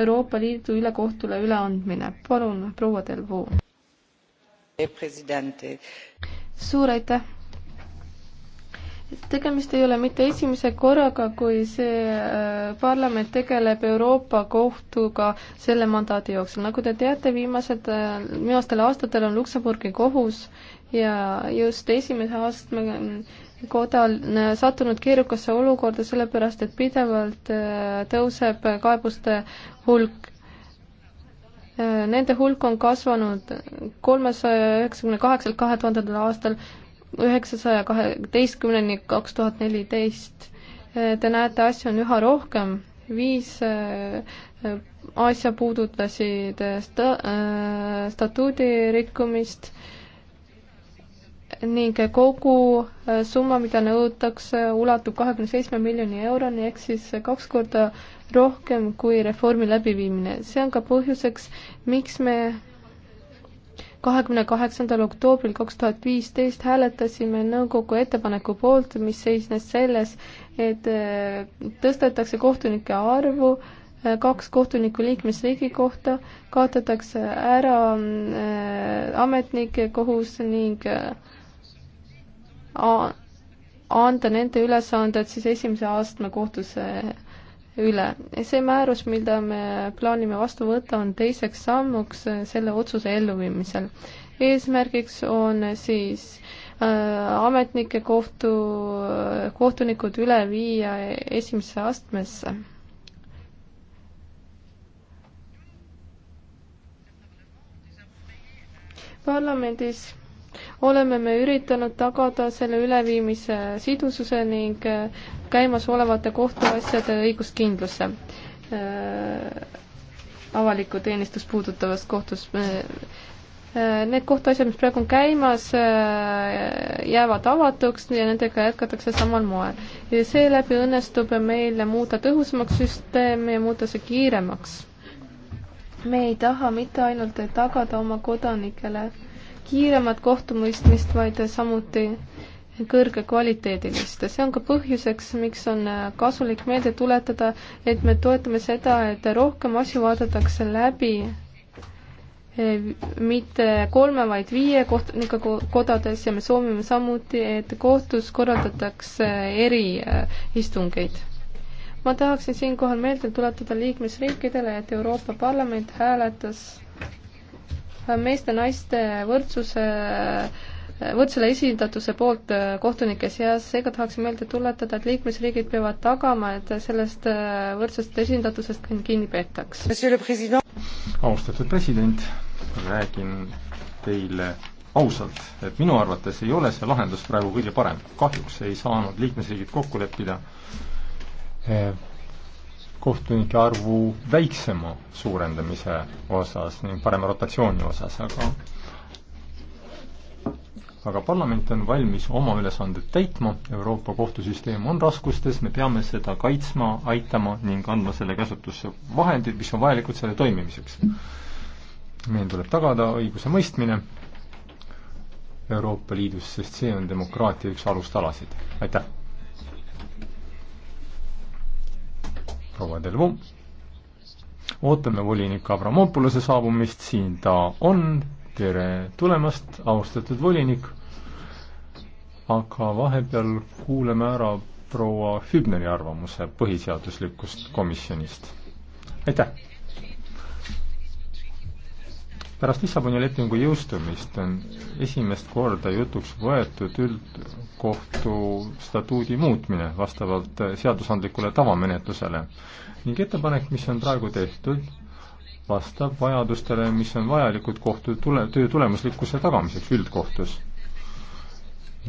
Euroopa Liidu ülekohtule üleandmine. palun, proua Delvaux. suur aitäh tegemist ei ole mitte esimese korraga, kui see äh, parlament tegeleb Euroopa Kohtuga selle mandaadi jooksul. nagu te teate, viimased, äh, viimastel aastatel on Luksemburgi kohus ja just esimese astme koda on äh, sattunud keerukasse olukorda sellepärast, et pidevalt äh, tõuseb kaebuste hulk. Äh, nende hulk on kasvanud kolmesaja üheksakümne kaheksalt kahe tuhandendal aastal üheksasaja kaheteistkümneni kaks tuhat neliteist. Te näete, asju on üha rohkem, viis asja puudutasid sta-, statuudi rikkumist, ning kogu äh, summa, mida nõutakse, ulatub kahekümne seitsme miljoni euroni ehk siis kaks korda rohkem kui reformi läbiviimine. see on ka põhjuseks, miks me kahekümne kaheksandal oktoobril kaks tuhat viisteist hääletasime nõukogu ettepaneku poolt, mis seisnes selles, et äh, tõstetakse kohtunike arvu äh, kaks kohtuniku liikmesriigi kohta, kaotatakse ära ametnike kohus ning äh, anda nende ülesanded siis esimese astme kohtusse üle. see määrus, mida me plaanime vastu võtta, on teiseks sammuks selle otsuse elluviimisel. eesmärgiks on siis äh, ametnike kohtu, kohtunikud üle viia esimesse astmesse. parlamendis oleme me üritanud tagada selle üleviimise sidususe ning äh, käimasolevate kohtuasjade õiguskindluse äh, avalikku teenistust puudutavas kohtus. Äh, need kohtuasjad, mis praegu on käimas, jäävad avatuks ja nendega jätkatakse samal moel. ja seeläbi õnnestub meil muuta tõhusamaks süsteemi ja muuta see kiiremaks. me ei taha mitte ainult tagada oma kodanikele äh, kiiremat kohtumõistmist, vaid samuti kõrgekvaliteedilist. see on ka põhjuseks, miks on kasulik meelde tuletada, et me toetame seda, et rohkem asju vaadatakse läbi e, mitte kolme, vaid viie kohtunika kodades ja me soovime samuti, et kohtus korraldatakse eriistungeid. E, ma tahaksin siinkohal meelde tuletada liikmesriikidele, et Euroopa Parlament hääletas meeste-naiste võrdsuse võrdsele esindatuse poolt äh, kohtunike seas, seega tahaksin meelde tuletada, et liikmesriigid peavad tagama, et sellest äh, võrdsest esindatusest kinni peetaks. austatud president, räägin teile ausalt, et minu arvates ei ole see lahendus praegu kõige parem. kahjuks ei saanud liikmesriigid kokku leppida äh, kohtunike arvu väiksema suurendamise osas ning parema rotatsiooni osas, aga aga parlament on valmis oma ülesanded täitma, Euroopa kohtusüsteem on raskustes, me peame seda kaitsma, aitama ning andma selle käsutusse vahendid, mis on vajalikud selle toimimiseks. meil tuleb tagada õigusemõistmine Euroopa Liidus, sest see on demokraatia üks alustalasid. aitäh! proua Delvu. ootame volinik Avramopolose saabumist, siin ta on, tere tulemast, austatud volinik, aga vahepeal kuuleme ära proua Hübneri arvamuse põhiseaduslikust komisjonist. aitäh! pärast Lissaboni lepingu jõustumist on esimest korda jutuks võetud üldkohtu statuudi muutmine vastavalt seadusandlikule tavamenetlusele ning ettepanek, mis on praegu tehtud, vastab vajadustele, mis on vajalikud kohtu tule, töö tulemuslikkuse tagamiseks üldkohtus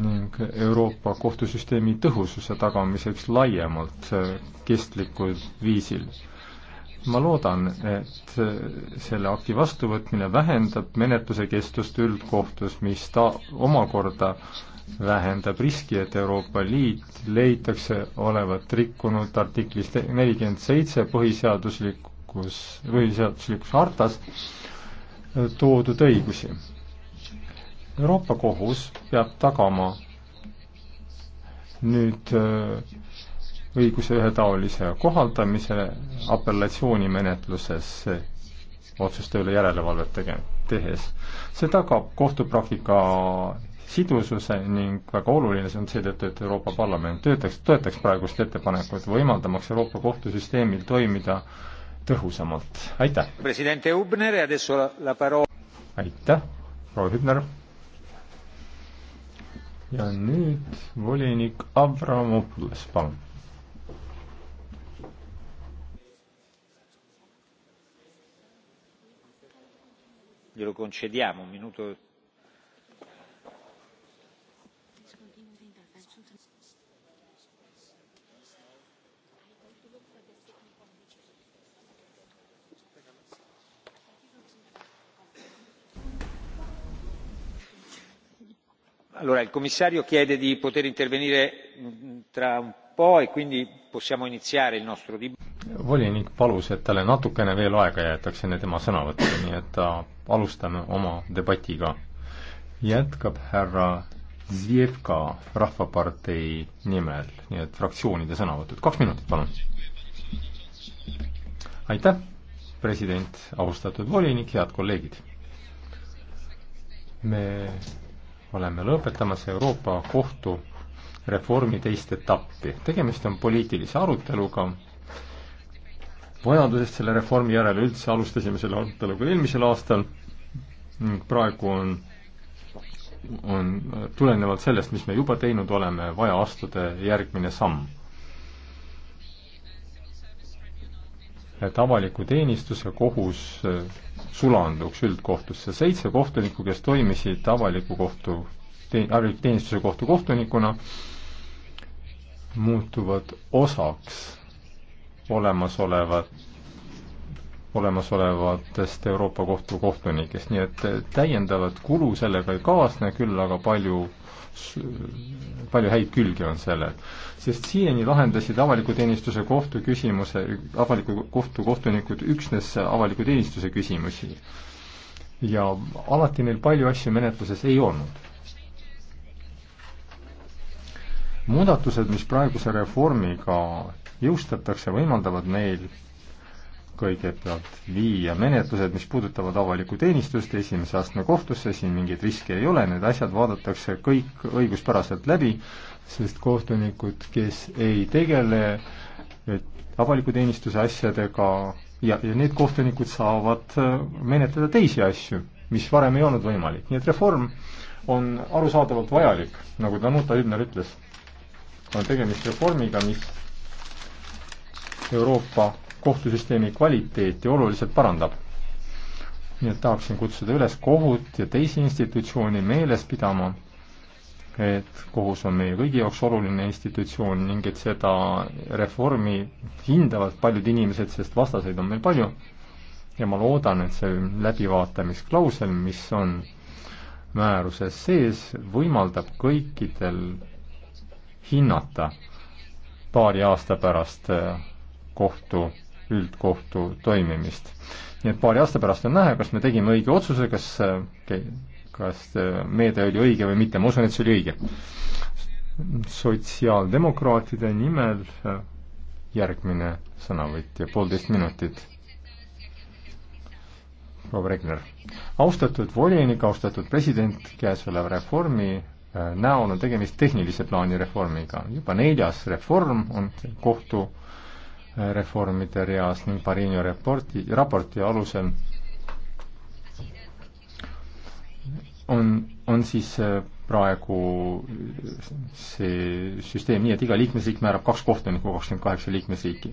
ning Euroopa kohtusüsteemi tõhususe tagamiseks laiemalt kestlikul viisil ma loodan, et selle akti vastuvõtmine vähendab menetluse kestust üldkohtus, mis ta omakorda vähendab riski, et Euroopa Liit leitakse olevat rikkunud artiklis nelikümmend seitse põhiseaduslikus, põhiseaduslikus hartas toodud õigusi. Euroopa Kohus peab tagama nüüd äh, õiguse ühetaolise kohaldamise apellatsioonimenetluses otsuste üle järelevalvet tege-, tehes. see tagab kohtupraktika sidususe ning väga oluline see on seetõttu, et Euroopa Parlament töötaks, toetaks praegust ettepanekut, võimaldamaks Euroopa kohtusüsteemil toimida tõhusamalt. aitäh! aitäh, proua Hübner! ja nüüd volinik Avramopoulos, palun! glielo concediamo un minuto. allora il commissario chiede di poter intervenire tra un po' e quindi possiamo iniziare il nostro dibattito volinik palus, et talle natukene veel aega jäetakse enne tema sõnavõttu, nii et alustame oma debatiga. jätkab härra Zjevka Rahvapartei nimel, nii et fraktsioonide sõnavõtud, kaks minutit, palun. aitäh, president, austatud volinik, head kolleegid. me oleme lõpetamas Euroopa Kohtu reformi teist etappi. tegemist on poliitilise aruteluga, vajadusest selle reformi järele, üldse alustasime selle aruteluga eelmisel aastal ning praegu on, on tulenevalt sellest, mis me juba teinud oleme, vaja astuda järgmine samm. et avaliku teenistuse kohus eh, sulanduks üldkohtusse, seitse kohtunikku, kes toimisid avaliku kohtu, avaliku teenistuse kohtu kohtunikuna, muutuvad osaks olemasolevat, olemasolevatest Euroopa Kohtu kohtunikest, nii et täiendavat kulu sellega ei kaasne, küll aga palju palju häid külgi on sellel. sest siiani lahendasid avaliku teenistuse kohtu küsimuse, avaliku kohtu kohtunikud üksnes avaliku teenistuse küsimusi. ja alati neil palju asju menetluses ei olnud muudatused, mis praeguse reformiga jõustatakse, võimaldavad meil kõigepealt viia menetlused, mis puudutavad avalikku teenistust esimese astme kohtusse, siin mingeid riske ei ole, need asjad vaadatakse kõik õiguspäraselt läbi, sest kohtunikud, kes ei tegele avaliku teenistuse asjadega ja, ja need kohtunikud saavad äh, menetleda teisi asju, mis varem ei olnud võimalik, nii et reform on arusaadavalt vajalik, nagu Danuta Hübner ütles. on tegemist reformiga, mis Euroopa kohtusüsteemi kvaliteeti oluliselt parandab. nii et tahaksin kutsuda üles kohut ja teisi institutsioone meeles pidama, et kohus on meie kõigi jaoks oluline institutsioon ning et seda reformi hindavad paljud inimesed, sest vastaseid on meil palju. ja ma loodan, et see läbivaatamisklausel, mis on määruses sees, võimaldab kõikidel hinnata paari aasta pärast kohtu, üldkohtu toimimist. nii et paari aasta pärast on näha, kas me tegime õige otsuse, kas, kas meede oli õige või mitte, ma usun, et see oli õige. sotsiaaldemokraatide nimel järgmine sõnavõtja, poolteist minutit. proua Regner, austatud volinik, austatud president, käesolev reformi äh, näol on tegemist tehnilise plaani reformiga. juba neljas reform on kohtu reformide reas ning Parino raporti, raporti alusel on, on siis äh, praegu äh, see süsteem nii, et iga liikmesriik määrab kaks kohtunikku, kakskümmend kaheksa liikmesriiki.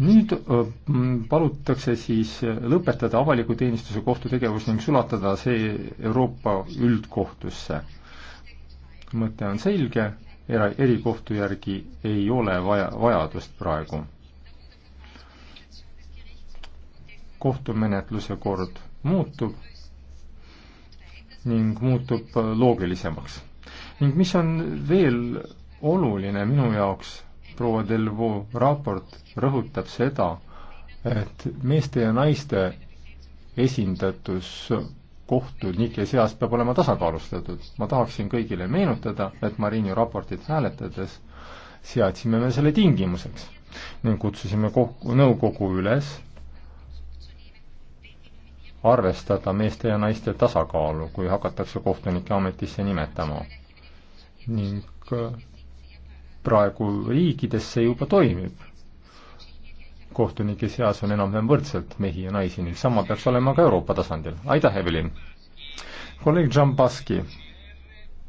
nüüd äh, palutakse siis lõpetada avaliku teenistuse kohtutegevus ning sulatada see Euroopa üldkohtusse. mõte on selge, era, erikohtu järgi ei ole vaja, vajadust praegu kohtumenetluse kord muutub ning muutub loogilisemaks. ning mis on veel oluline minu jaoks, proua Delvaux raport rõhutab seda, et meeste ja naiste esindatus kohtunike seas peab olema tasakaalustatud. ma tahaksin kõigile meenutada, et Marini raportit hääletades seadsime me selle tingimuseks ning kutsusime koh-, nõukogu üles arvestada meeste ja naiste tasakaalu, kui hakatakse kohtunike ametisse nimetama. ning äh, praegu riikides see juba toimib. kohtunike seas on enam-vähem võrdselt mehi ja naisi ning sama peaks olema ka Euroopa tasandil. aitäh, Evelin! kolleeg Džambaski,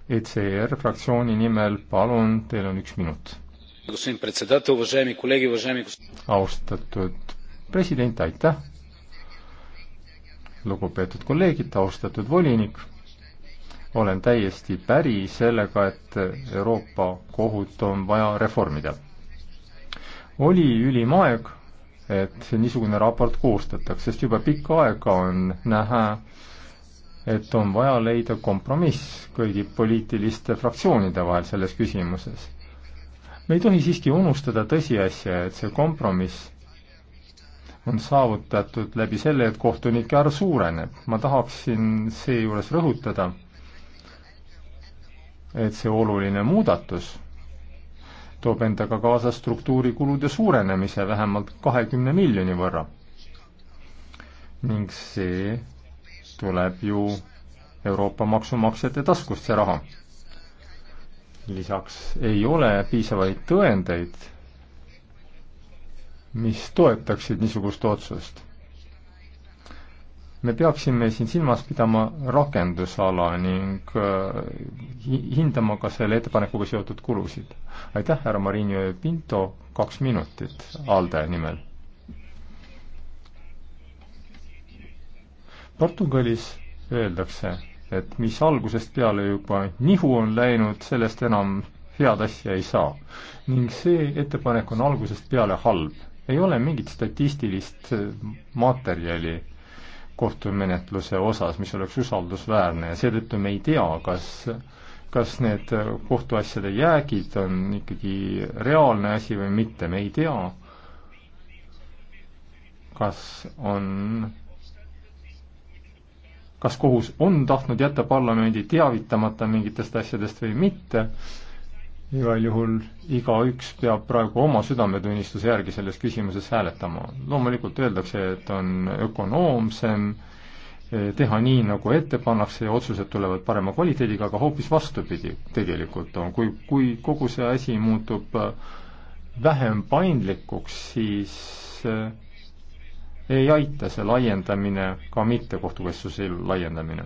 ECR fraktsiooni nimel, palun, teil on üks minut. austatud president, aitäh! lugupeetud kolleegid, austatud volinik, olen täiesti päri sellega, et Euroopa kohut on vaja reformida. oli ülim aeg, et niisugune raport koostataks, sest juba pikka aega on näha, et on vaja leida kompromiss kõigi poliitiliste fraktsioonide vahel selles küsimuses. me ei tohi siiski unustada tõsiasja, et see kompromiss on saavutatud läbi selle, et kohtunike arv suureneb. ma tahaksin seejuures rõhutada, et see oluline muudatus toob endaga kaasa struktuurikulude suurenemise vähemalt kahekümne miljoni võrra. ning see tuleb ju Euroopa maksumaksjate taskust, see raha. lisaks ei ole piisavaid tõendeid mis toetaksid niisugust otsust. me peaksime siin silmas pidama rakendusala ning äh, hindama ka selle ettepanekuga seotud kulusid. aitäh, härra Marinho Pinto, kaks minutit ALDE nimel. Portugalis öeldakse, et mis algusest peale juba nihu on läinud, sellest enam head asja ei saa. ning see ettepanek on algusest peale halb ei ole mingit statistilist äh, materjali kohtumenetluse osas, mis oleks usaldusväärne ja seetõttu me ei tea, kas kas need äh, kohtuasjade jäägid on ikkagi reaalne asi või mitte, me ei tea, kas on, kas kohus on tahtnud jätta parlamendi teavitamata mingitest asjadest või mitte igal juhul igaüks peab praegu oma südametunnistuse järgi selles küsimuses hääletama. loomulikult öeldakse, et on ökonoomsem eh, teha nii, nagu ette pannakse ja otsused tulevad parema kvaliteediga, aga hoopis vastupidi tegelikult on, kui, kui kogu see asi muutub eh, vähem paindlikuks, siis eh, ei aita see laiendamine, ka mitte kohtukesksuse laiendamine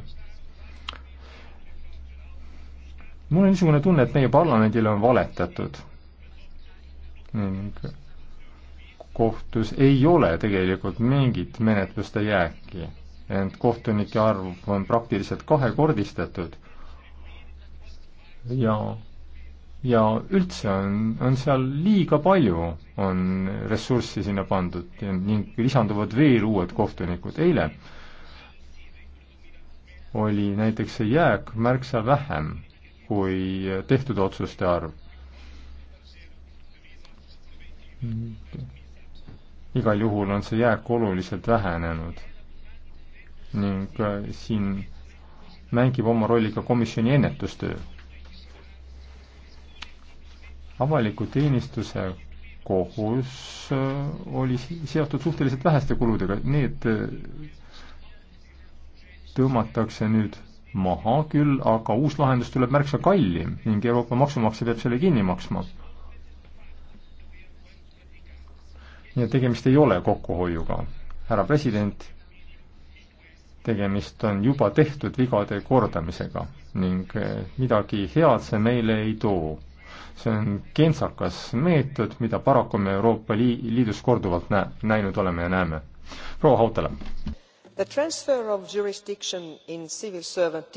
mul on niisugune tunne, et meie parlamendile on valetatud ning kohtus ei ole tegelikult mingit menetluste jääki, ent kohtunike arv on praktiliselt kahekordistatud ja, ja üldse on, on seal liiga palju, on ressurssi sinna pandud ning lisanduvad veel uued kohtunikud, eile oli näiteks see jääk märksa vähem kui tehtud otsuste arv. igal juhul on see jääk oluliselt vähenenud ning äh, siin mängib oma rolli ka komisjoni ennetustöö. avaliku teenistuse kohus äh, oli seotud suhteliselt väheste kuludega, need äh, tõmmatakse nüüd maha küll, aga uus lahendus tuleb märksa kallim ning Euroopa maksumaksja peab selle kinni maksma. nii et tegemist ei ole kokkuhoiuga. härra president, tegemist on juba tehtud vigade kordamisega ning eh, midagi head see meile ei too. see on kentsakas meetod, mida paraku me Euroopa Liidus korduvalt nä-, näinud oleme ja näeme. proua Hautala The transfer of jurisdiction in civil servant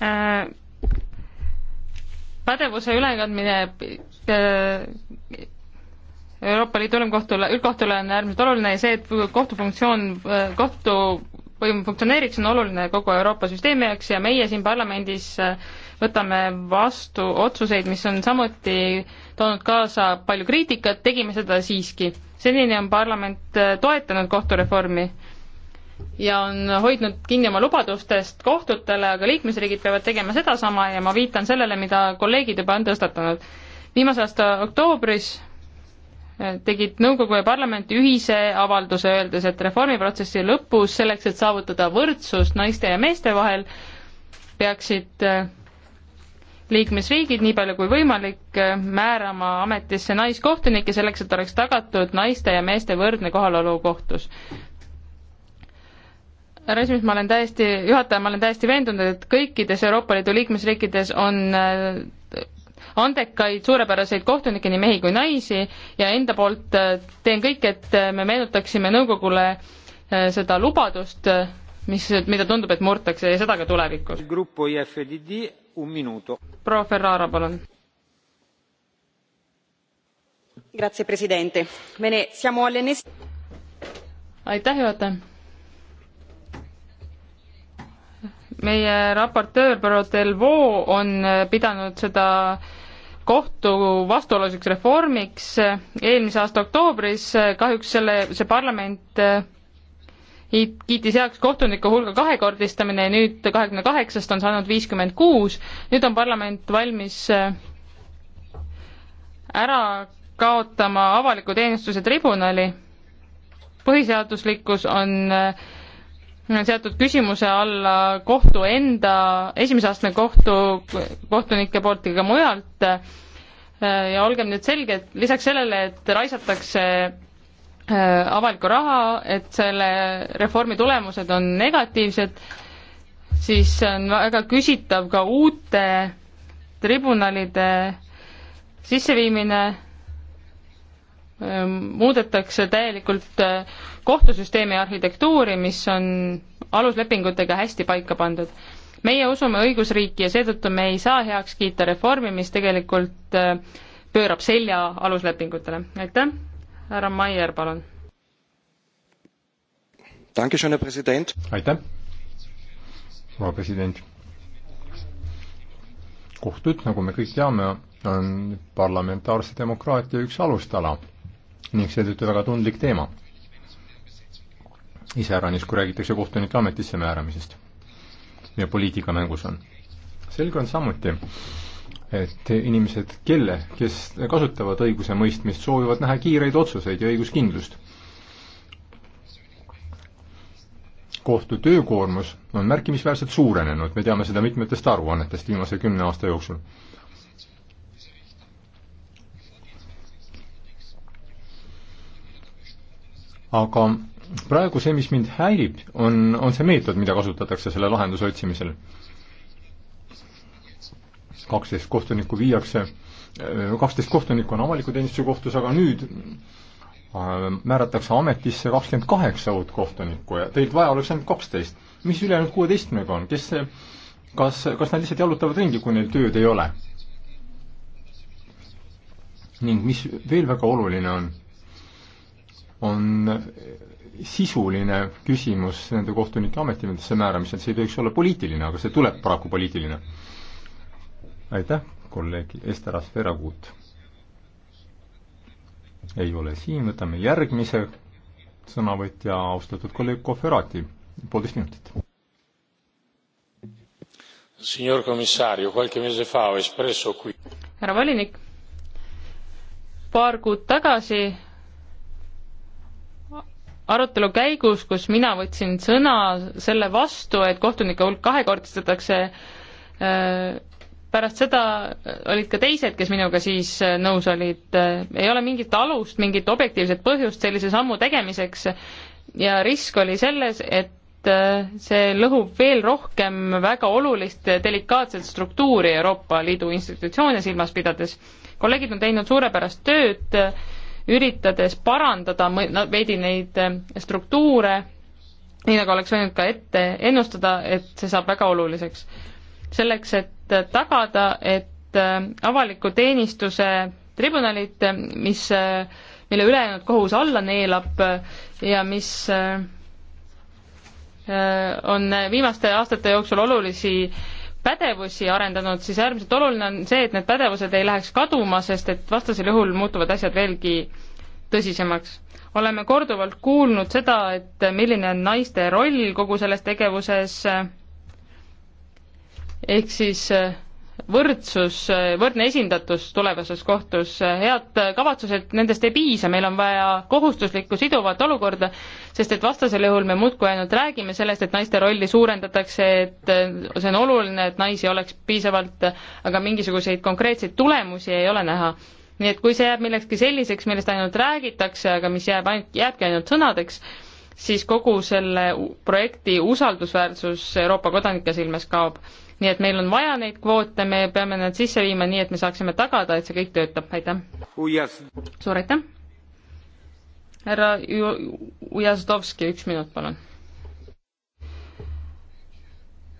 äh, pädevuse ülekandmine äh, Euroopa Liidu ülemkohtule, üldkohtule on äärmiselt oluline ja see, et kohtufunktsioon, äh, kohtuvõim funktsioneeriks, on oluline kogu Euroopa süsteemi jaoks ja meie siin parlamendis äh, võtame vastu otsuseid, mis on samuti toonud kaasa palju kriitikat, tegime seda siiski. senini on parlament toetanud kohtureformi ja on hoidnud kinni oma lubadustest kohtutele, aga liikmesriigid peavad tegema sedasama ja ma viitan sellele, mida kolleegid juba on tõstatanud. viimase aasta oktoobris eh, tegid nõukogu ja parlament ühise avalduse, öeldes, et reformiprotsessi lõpus selleks, et saavutada võrdsus naiste ja meeste vahel, peaksid eh, liikmesriigid nii palju kui võimalik eh, määrama ametisse naiskohtunikke selleks, et oleks tagatud naiste ja meeste võrdne kohalolu kohtus härra esimees, ma olen täiesti, juhataja, ma olen täiesti veendunud, et kõikides Euroopa Liidu liikmesriikides on äh, andekaid, suurepäraseid kohtunikke, nii mehi kui naisi, ja enda poolt äh, teen kõik, et äh, me meenutaksime nõukogule seda lubadust, mis, mida tundub, et murtakse ja seda ka tulevikus. E proua Ferrara, palun. aitäh, juhataja meie raportöör Delvaux on äh, pidanud seda kohtu vastuoluliseks reformiks äh, eelmise aasta oktoobris, äh, kahjuks selle, see parlament kiitis heaks kohtuniku hulga kahekordistamine ja nüüd kahekümne kaheksast on saanud viiskümmend kuus, nüüd on parlament valmis ära kaotama avaliku teenistuse tribunali. põhiseaduslikkus on äh, seatud küsimuse alla kohtu enda, esimese astme kohtu, kohtunike poolt ja ka mujalt. Äh, ja olgem nüüd selged, lisaks sellele, et raisatakse äh, avalikku raha, et selle reformi tulemused on negatiivsed, siis on väga küsitav ka uute tribunalide sisseviimine Ehm, muudetakse täielikult eh, kohtusüsteemi arhitektuuri, mis on aluslepingutega hästi paika pandud. meie usume õigusriiki ja seetõttu me ei saa heaks kiita reformi, mis tegelikult eh, pöörab selja aluslepingutele. aitäh, härra Maier, palun. aitäh, proua president. kohtud, nagu me kõik teame, on parlamentaarse demokraatia üks alustala ning seetõttu väga tundlik teema. iseäranis, kui räägitakse kohtunike ametisse määramisest ja poliitika mängus on. selge on samuti, et inimesed, kelle, kes kasutavad õigusemõistmist, soovivad näha kiireid otsuseid ja õiguskindlust. kohtu töökoormus on märkimisväärselt suurenenud, me teame seda mitmetest aruannetest viimase kümne aasta jooksul aga praegu see, mis mind häirib, on, on see meetod, mida kasutatakse selle lahenduse otsimisel. kaksteist kohtunikku viiakse, kaksteist kohtunikku on avaliku teenistuse kohtus, aga nüüd äh, määratakse ametisse kakskümmend kaheksa uut kohtunikku ja teilt vaja oleks ainult kaksteist. mis ülejäänud kuueteistkümnega on, kes see, kas, kas nad lihtsalt jalutavad ringi, kui neil tööd ei ole? ning mis veel väga oluline on on sisuline küsimus nende kohtunike ametisse määramisel, see ei tohiks olla poliitiline, aga see tuleb paraku poliitiline. aitäh, kolleeg Ester Asferagut. ei ole siin, võtame järgmise sõnavõtja, austatud kolleeg Kohverati, poolteist minutit. härra volinik, paar kuud tagasi arutelu käigus, kus mina võtsin sõna selle vastu, et kohtunike hulk kahekordistatakse, äh, pärast seda olid ka teised, kes minuga siis äh, nõus olid, ei ole mingit alust, mingit objektiivset põhjust sellise sammu tegemiseks ja risk oli selles, et äh, see lõhub veel rohkem väga olulist delikaatset struktuuri Euroopa Liidu institutsioone silmas pidades. kolleegid on teinud suurepärast tööd, üritades parandada veidi neid eh, struktuure, nii nagu oleks võinud ka ette ennustada, et see saab väga oluliseks. selleks, et tagada, et eh, avaliku teenistuse tribunalid, eh, mis, mille ülejäänud kohus alla neelab ja mis on viimaste aastate jooksul olulisi pädevusi arendanud, siis äärmiselt oluline on see, et need pädevused ei läheks kaduma, sest et vastasel juhul muutuvad asjad veelgi tõsisemaks. oleme korduvalt kuulnud seda, et milline on naiste roll kogu selles tegevuses, ehk siis võrdsus, võrdne esindatus tulevases kohtus, head kavatsused, nendest ei piisa, meil on vaja kohustuslikku siduvat olukorda, sest et vastasel juhul me muudkui ainult räägime sellest, et naiste rolli suurendatakse, et see on oluline, et naisi oleks piisavalt, aga mingisuguseid konkreetseid tulemusi ei ole näha. nii et kui see jääb millekski selliseks, millest ainult räägitakse, aga mis jääb ainult, jääbki ainult sõnadeks, siis kogu selle projekti usaldusväärsus Euroopa kodanike silmes kaob nii et meil on vaja neid kvoote, me peame nad sisse viima nii, et me saaksime tagada, et see kõik töötab, aitäh oh,. Yes. suur aitäh. härra Ujazdovski, üks minut, palun.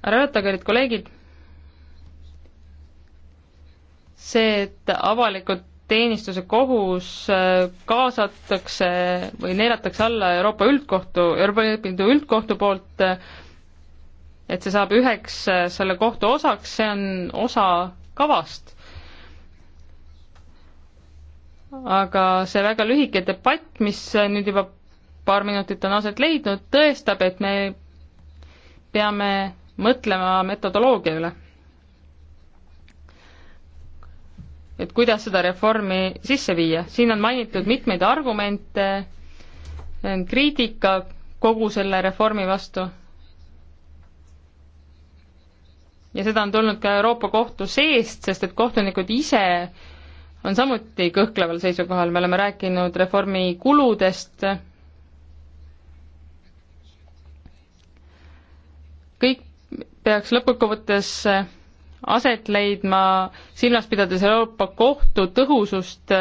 härra juhataja, kallid kolleegid. see, et avalikud teenistuse kohus äh, kaasatakse või neelatakse alla Euroopa Üldkohtu, Euroopa Liidu Üldkohtu poolt, äh, et see saab üheks äh, selle kohtu osaks, see on osa kavast. aga see väga lühike debatt, mis äh, nüüd juba paar minutit on aset leidnud, tõestab, et me peame mõtlema metodoloogia üle. et kuidas seda reformi sisse viia, siin on mainitud mitmeid argumente, kriitika kogu selle reformi vastu ja seda on tulnud ka Euroopa Kohtu seest, sest et kohtunikud ise on samuti kõhkleval seisukohal, me oleme rääkinud reformi kuludest, kõik peaks lõppkokkuvõttes aset leidma, silmas pidades Euroopa Kohtu tõhusust,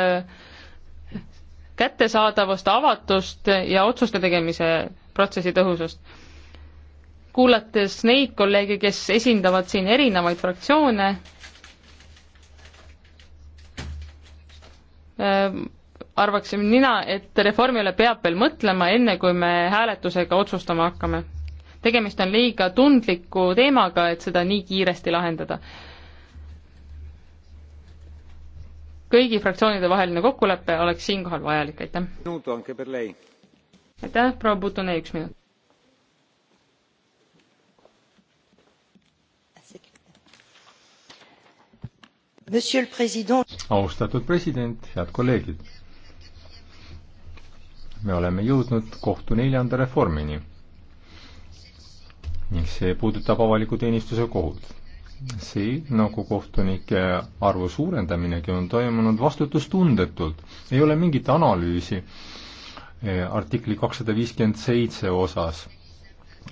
kättesaadavust, avatust ja otsuste tegemise protsessi tõhusust kuulates neid kolleege, kes esindavad siin erinevaid fraktsioone, ähm, arvaksin mina, et reformi üle peab veel mõtlema, enne kui me hääletusega otsustama hakkame. tegemist on liiga tundliku teemaga, et seda nii kiiresti lahendada. kõigi fraktsioonide vaheline kokkulepe oleks siinkohal vajalik, aitäh. aitäh, proua Putune, üks minut austatud president, head kolleegid. me oleme jõudnud kohtu neljanda reformini ning see puudutab avaliku teenistuse kohut. see, nagu kohtunike arvu suurendaminegi, on toimunud vastutustundetult, ei ole mingit analüüsi eh, artikli kakssada viiskümmend seitse osas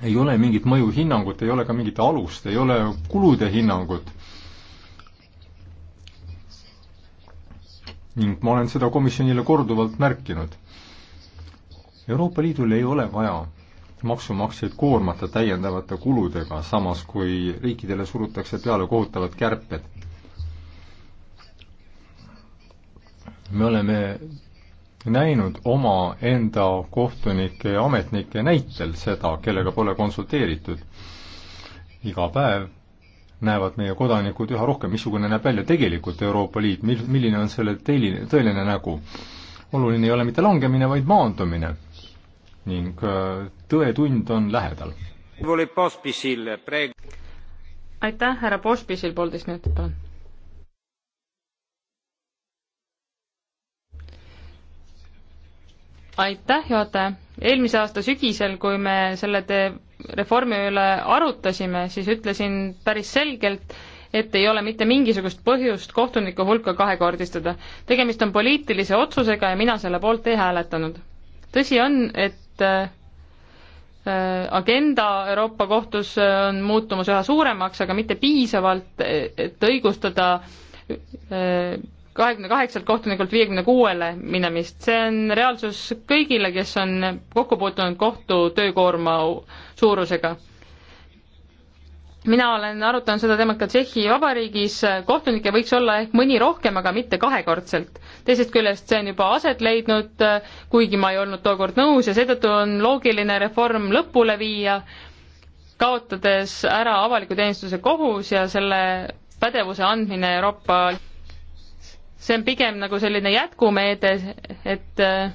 ei ole mingit mõjuhinnangut, ei ole ka mingit alust, ei ole kulude hinnangut ning ma olen seda komisjonile korduvalt märkinud. Euroopa Liidul ei ole vaja maksumaksjaid koormata täiendavate kuludega, samas kui riikidele surutakse peale kohutavad kärped. me oleme näinud omaenda kohtunike ja ametnike näitel seda, kellega pole konsulteeritud. iga päev näevad meie kodanikud üha rohkem, missugune näeb välja tegelikult Euroopa Liit, mil-, milline on selle teiline, tõeline nägu. oluline ei ole mitte langemine, vaid maandumine. ning äh, tõetund on lähedal. aitäh, härra Pospisil, poolteist minutit, palun. aitäh, juhataja. eelmise aasta sügisel, kui me selle te reformi üle arutasime, siis ütlesin päris selgelt, et ei ole mitte mingisugust põhjust kohtunike hulka kahekordistada. tegemist on poliitilise otsusega ja mina selle poolt ei hääletanud. tõsi on, et äh, agenda Euroopa Kohtus äh, on muutumas üha suuremaks, aga mitte piisavalt, et õigustada äh, kahekümne kaheksalt kohtunikult viiekümne kuuele minemist, see on reaalsus kõigile, kes on kokku puutunud kohtu töökoorma suurusega. mina olen arutanud seda teemat ka Tšehhi Vabariigis, kohtunikke võiks olla ehk mõni rohkem, aga mitte kahekordselt. teisest küljest see on juba aset leidnud, kuigi ma ei olnud tookord nõus ja seetõttu on loogiline reform lõpule viia, kaotades ära avaliku teenistuse kohus ja selle pädevuse andmine Euroopa see on pigem nagu selline jätkumeede, et äh,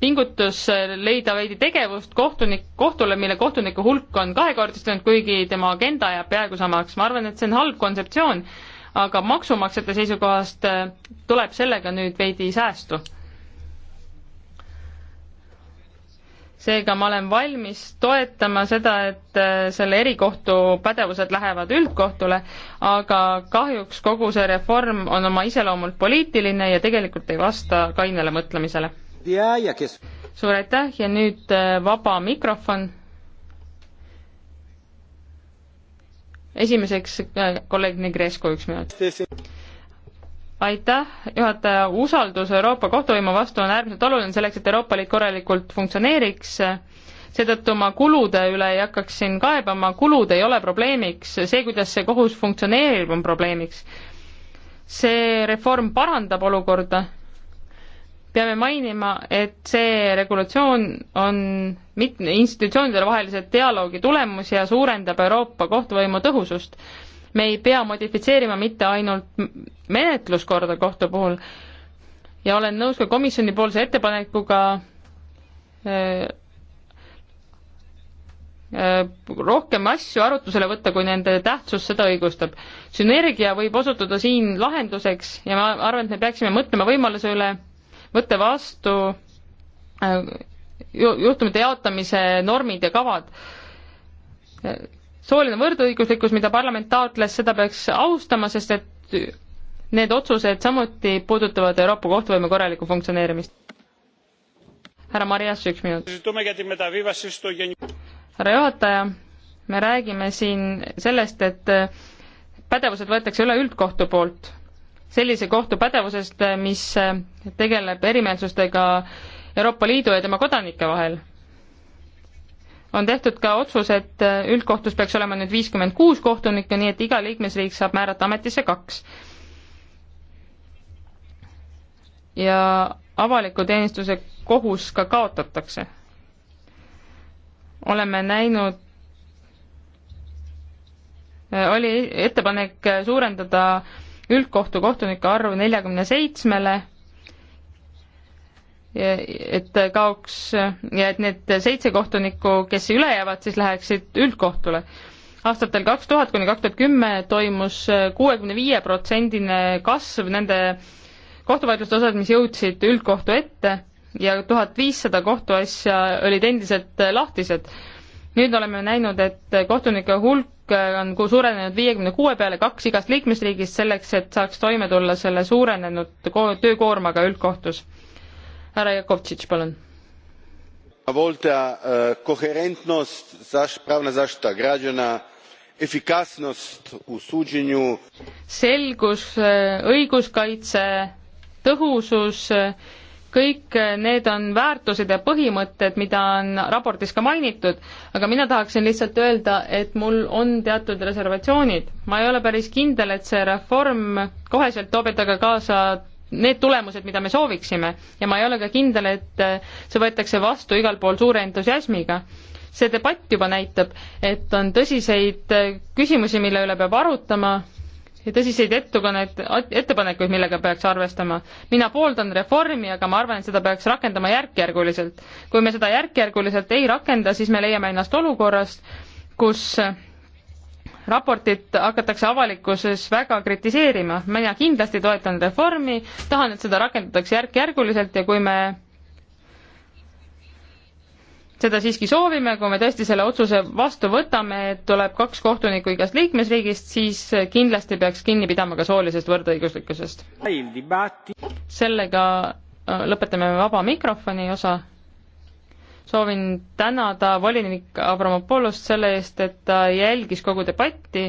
pingutus äh, leida veidi tegevust kohtunik, kohtule, mille kohtuniku hulk on kahekordistunud, kuigi tema agenda jääb peaaegu samaks. ma arvan, et see on halb kontseptsioon, aga maksumaksjate seisukohast äh, tuleb sellega nüüd veidi säästu seega ma olen valmis toetama seda, et äh, selle erikohtu pädevused lähevad üldkohtule, aga kahjuks kogu see reform on oma iseloomult poliitiline ja tegelikult ei vasta kainele mõtlemisele. Kes... suur aitäh ja nüüd äh, vaba mikrofon. esimeseks äh, kolleeg Negresko, üks minut aitäh, juhataja, usaldus Euroopa kohtuvõimu vastu on äärmiselt oluline selleks, et Euroopa Liit korralikult funktsioneeriks, seetõttu ma kulude üle ei hakkaks siin kaebama, kulud ei ole probleemiks, see, kuidas see kohus funktsioneerib, on probleemiks. see reform parandab olukorda, peame mainima, et see regulatsioon on mitme institutsioonide vahelise dialoogi tulemus ja suurendab Euroopa kohtuvõimu tõhusust me ei pea modifitseerima mitte ainult menetluskorda kohtu puhul ja olen nõus ka komisjonipoolse ettepanekuga äh, äh, rohkem asju arutusele võtta, kui nende tähtsus seda õigustab. sünergia võib osutuda siin lahenduseks ja ma arvan, et me peaksime mõtlema võimaluse üle võtta vastu äh, juhtumite jaotamise normid ja kavad sooline võrdõiguslikkus, mida parlament taotles, seda peaks austama, sest et need otsused samuti puudutavad Euroopa kohtuvõime korralikku funktsioneerimist. härra Marias, üks minut. härra juhataja, me räägime siin sellest, et pädevused võetakse üle üldkohtu poolt, sellise kohtu pädevusest, mis tegeleb erimeelsustega Euroopa Liidu ja tema kodanike vahel on tehtud ka otsus, et äh, üldkohtus peaks olema nüüd viiskümmend kuus kohtunikku, nii et iga liikmesriik saab määrata ametisse kaks. ja avaliku teenistuse kohus ka kaotatakse. oleme näinud äh, oli ettepanek suurendada üldkohtu kohtunike arvu neljakümne seitsmele et kaoks ja et need seitse kohtunikku, kes üle jäävad, siis läheksid üldkohtule. aastatel kaks tuhat kuni kaks tuhat kümme toimus kuuekümne viie protsendine kasv nende kohtuvaidluste osas, mis jõudsid üldkohtu ette ja tuhat viissada kohtuasja olid endiselt lahtised. nüüd oleme näinud, et kohtunike hulk on suurenenud viiekümne kuue peale, kaks igast liikmesriigist, selleks et saaks toime tulla selle suurenenud töökoormaga üldkohtus härra Jakovtšitš, palun. E, koherentnost, pravna zaštita građana, efikasnost u suđenju. selgus, e, õiguskaitse, tõhusus, e, kõik need on väärtused ja põhimõtted, mida on raportis ka mainitud, aga mina tahaksin lihtsalt öelda, et mul on teatud reservatsioonid. ma ei ole päris kindel, et see reform koheselt toob endaga kaasa need tulemused, mida me sooviksime ja ma ei ole ka kindel, et äh, see võetakse vastu igal pool suure entusiasmiga. see debatt juba näitab, et on tõsiseid äh, küsimusi, mille üle peab arutama ja tõsiseid ettekannet, ettepanekuid, millega peaks arvestama. mina pooldan reformi, aga ma arvan, et seda peaks rakendama järk-järguliselt. kui me seda järk-järguliselt ei rakenda, siis me leiame ennast olukorrast, kus äh, raportit hakatakse avalikkuses väga kritiseerima. mina kindlasti toetan reformi, tahan, et seda rakendatakse järk-järguliselt ja kui me seda siiski soovime, kui me tõesti selle otsuse vastu võtame, et tuleb kaks kohtunikku igast liikmesriigist, siis kindlasti peaks kinni pidama ka soolisest võrdõiguslikkusest. sellega äh, lõpetame vaba mikrofoni osa soovin tänada volinik Abramopolost selle eest, et ta jälgis kogu debatti.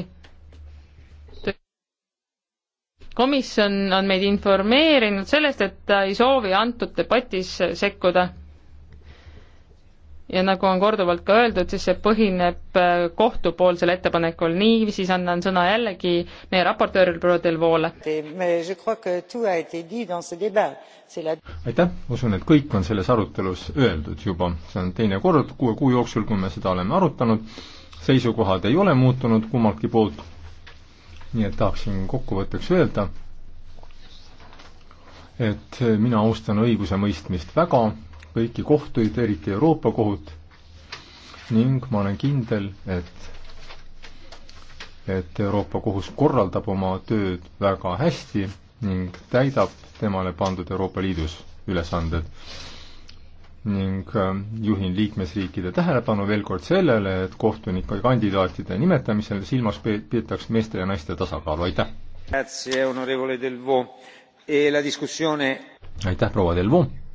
komisjon on meid informeerinud sellest, et ta ei soovi antud debatis sekkuda ja nagu on korduvalt ka öeldud, siis see põhineb äh, kohtupoolsel ettepanekul, niiviisi annan sõna jällegi meie raportööril proua Delvoole. aitäh, usun, et kõik on selles arutelus öeldud juba, see on teine kord kuue kuu jooksul, kui me seda oleme arutanud, seisukohad ei ole muutunud kummaltki poolt, nii et tahaksin kokkuvõtteks öelda, et mina austan õigusemõistmist väga, kõiki kohtuid, eriti Euroopa kohut, ning ma olen kindel, et et Euroopa Kohus korraldab oma tööd väga hästi ning täidab temale pandud Euroopa Liidus ülesanded. ning äh, juhin liikmesriikide tähelepanu veel kord sellele, et kohtunike kandidaatide nimetamisel silmas peetaks meeste ja naiste tasakaalu, aitäh! E aitäh, proua Delvaux!